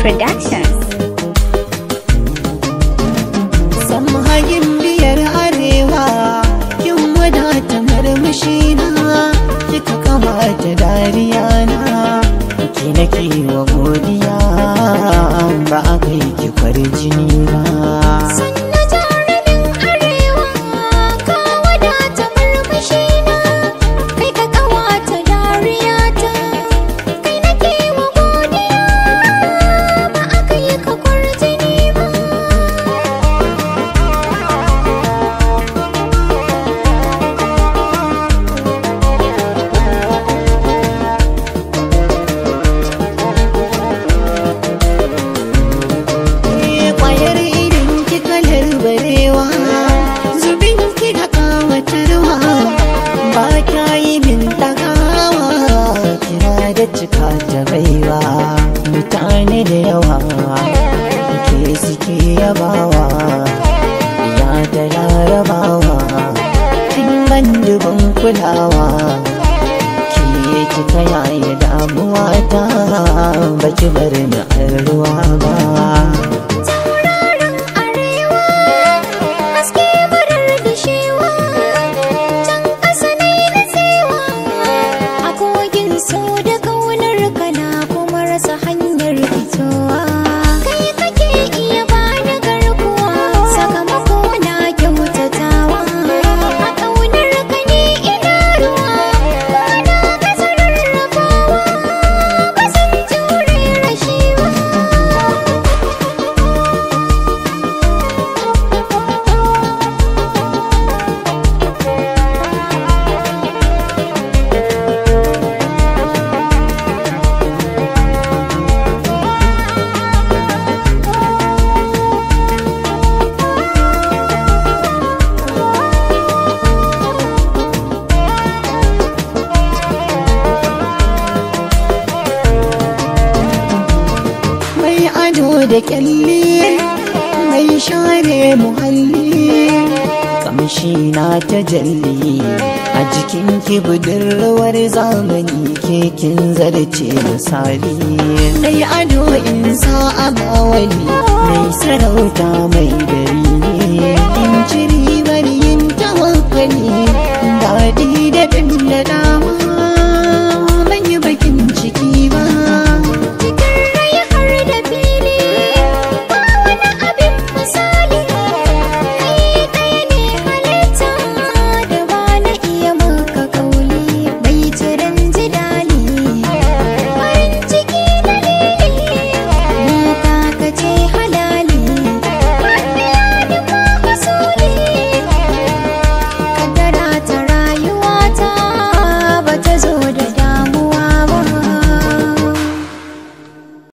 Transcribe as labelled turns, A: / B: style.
A: Productions. arewa, kin wadata na, kika dariya na, ki nake wa godiya, ba a kai ki farin jini ba. ta baiwa mutane da yawa ke suke yabawa ya ta larabawa kin ban kulawa ki ki ta yaya damuwa ta baki bari na ruwa ba da kyalli mai share muhalli kamshi na ta jalli a jikin kibudin rawar zamani kekin zarce misali mai ado in sa'a ba wani mai sarauta mai gari